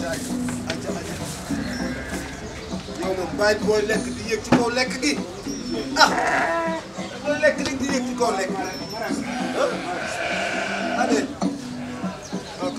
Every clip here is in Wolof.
yow moom bàyyi booy lekk di yëg ci kaw lekk gi ah booy lekk di di yëg ci kaw lekk ah allez ok.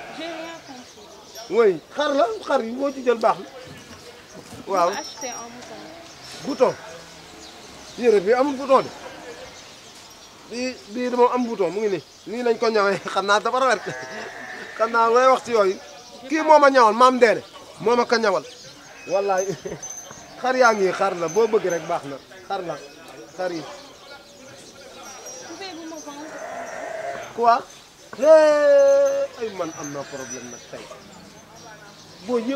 oui xar la xar yi boo ci jël baax na waaw bouton yére bi amul bouton de bii bii dama am bouton mu ngi nii nii lañ ko ñawee xam naa dafa rafet xam naa looy wax ci yooyu kii moo ma ñawal maam Ndeene moo ma ko ñawal wallaay xar yaa ngi xar la boo bëgg rek baax na xar la xar yi quoi ay man am problème nag tey booy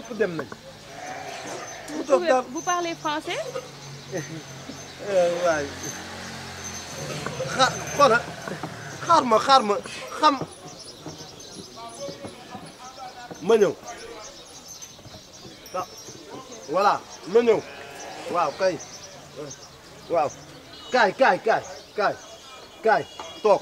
vous parlez français. Euh, waay xa karma, xaar ma ah, voilà ma Waouh, waaw kay waaw kay, kay, kay, kay, top,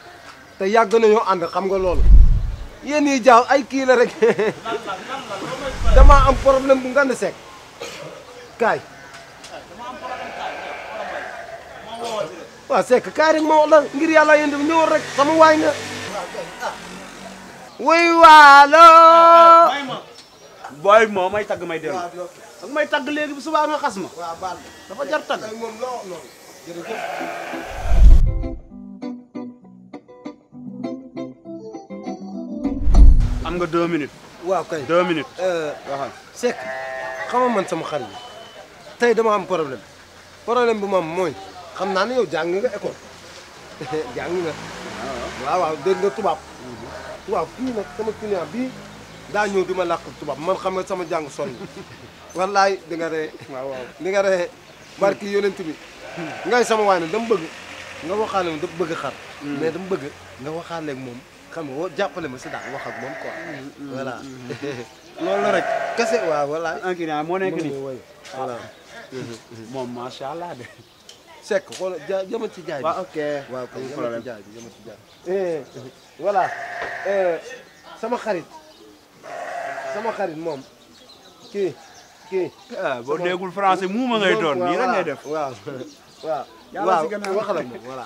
te yàgg nañoo ànd xam nga lool yéen yi jaaw ay kii la rek damaa am problème bu Nganda Seck kaay waaw Seck kaay rek ma la ngir yàlla yéen def ñëwoon rek sama waay nga wuy waalo booy moo may tagg may dem ak may tagg léegi bu subaa nga xas ma am nga deux minutes. waaw kay deux minutes. waxal euh, Seck xama man sama xar bi tey dama am problème problème bu ma am mooy xam naa ne yow jàng nga école jàng nga. Ah. waaw waaw nga tubaab. waaw kii nag sama client bii daa ñëw di ma làkk tubaab man xam nga sama jàng sonn wallaay di nga ree. waaw waaw di nga ree barki yonent bi ngay sama waay da dama bëgg nga waxaale mu dama bëgg xar. Hmm. mais dama bëgg nga waxaale ak moom. xam nga dalam ma si daal wax ak moom quoi. voilà loolu la rek kese waaw voilà. ingrant moo nekk nii voilà. moom macha allah de. sek, xool ja jëma ci jaay bi. waaw ok waaw kay jëma ci jaay bi jëma ci jaay bi. voilà sama xarit sama xarit mom, kii kii. boo déggul français muuma ngay doon nii rek ngay def. waaw waaw waaw waxal ma voilà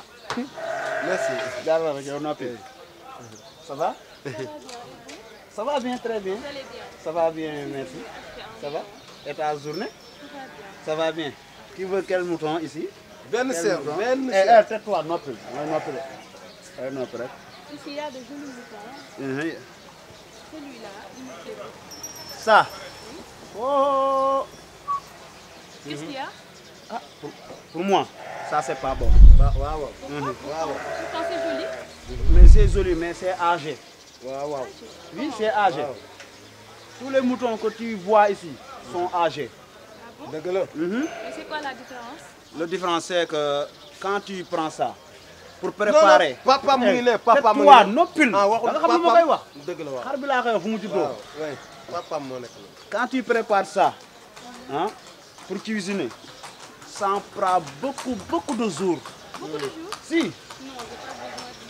merci. jàllale rek yow noppi. Ça va Ça va bien, très bien. bien Ça va bien, merci. Ça va Et ta journée Ça va bien. Qui veut quel mouton ici Ben Serre Ben sœur. Eh, eh toi notre. Notre. Notre. Ici, il y a de jolis moutons. Uh-huh. Celui-là, il me Ça Oh Qu'est-ce qu'il y a ah, pour, moi, ça c'est pas bon. Bah, wow. Pourquoi, mm -hmm. joli Désolé mais c'est âgé. Oui, c'est âgé. Tous les moutons que tu vois ici sont âgés. Ah c'est quoi la différence La différence, c'est que quand tu prends ça, pour préparer. Non, non, papa mouillé, eh, papa mouillé. non pile. Ah, ouais, papa Quand tu prépares ça, hein, pour cuisiner, ça en prend beaucoup, beaucoup de jours. Beaucoup de jours Si.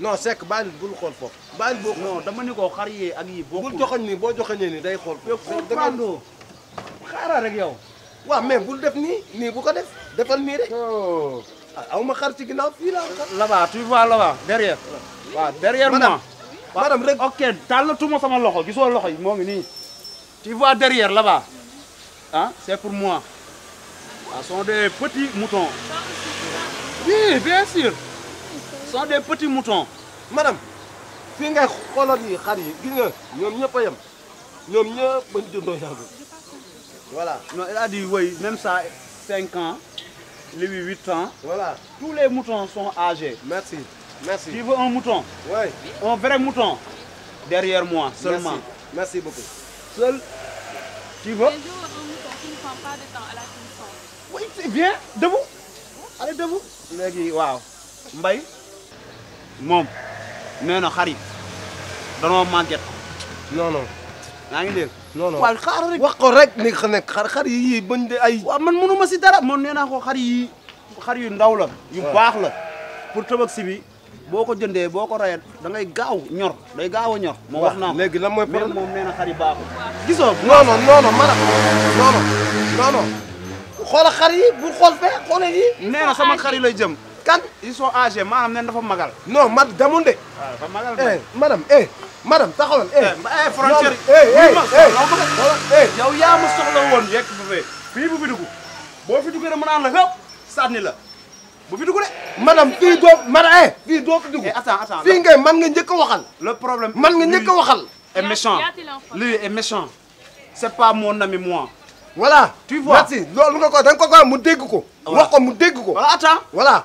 non c'est que le xool non dama ak yi ni day un Vous avez mais def là-bas tu vois là-bas derrière. derrière moi. madame rek ok tàllatuma sama loxo gisoo loxo yi tu vois derrière là-bas Hein.. c'est pour moi. Ah, ce sont des petits moutons. oui bien sûr sont des petits moutons. madame voilà non elle a dit oui même ça 5 ans lui 8 ans. voilà tous les moutons sont âgés. merci merci. tu veux un mouton. oui un vrai mouton. derrière moi seulement. merci beaucoup. seul tu veux. oui c'est bien debout allez debout. mbay moom nee na xar yi danoo màgget. non non. yaa ngi dégg. non non waaw ni nga nekk xar xar yii bañ de ay. waaw man mënu ma si dara man nee naa ko xar yii xar yu ndaw la. yu baax la pour tabaski bi boo ko jëndee boo ko rayet da ngay gaaw ñor day gaaw a ñor. moo wax naa ko léegi lan mooy problème moom nee na xar yi baaxul. gisoo non non non non man non non bu xool fee xoolal yi. nee na sama xar yi lay jëm. kan ils sont âgés ma xam dafa magal non ma demul de ah, dafa magal eh madame eh madame taxawal eh eh frontier eh eh, eh, eh. eh yow ya ma soxla won yek bu fee fii bu fi dugg bo fi duggee nan la hop sànni la bu fi dugg de madame fi do madame eh fi do fi dugg attends attends fii ngay man nga njëkk waxal le problème man nga njëkk waxal est méchant y'a, lui est méchant c'est pas mon ami moi voilà tu vois merci loolu nga ko da nga ko ko mu dégg ko wax ko mu dégg ko voilà attends voilà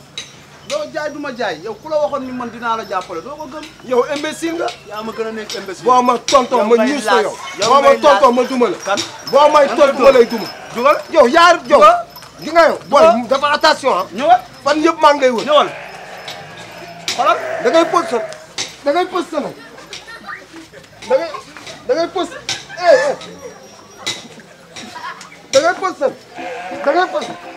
doo jaay du jaay yow ku la waxoon ni man dinaa la jàppale doo ko gëm. yow imbécile nga. yaa ma gën a nekk imbécile. boo ma tonton ma ñuus la yow. ma tonton ma duma la. kan boo ma lay duma. dugal yow yaar yow. gi nga yow booy dafa attention ah. ñëwal fan yëpp maa lay wër. ñëwal xoolal da ngay pos sa da eh, eh.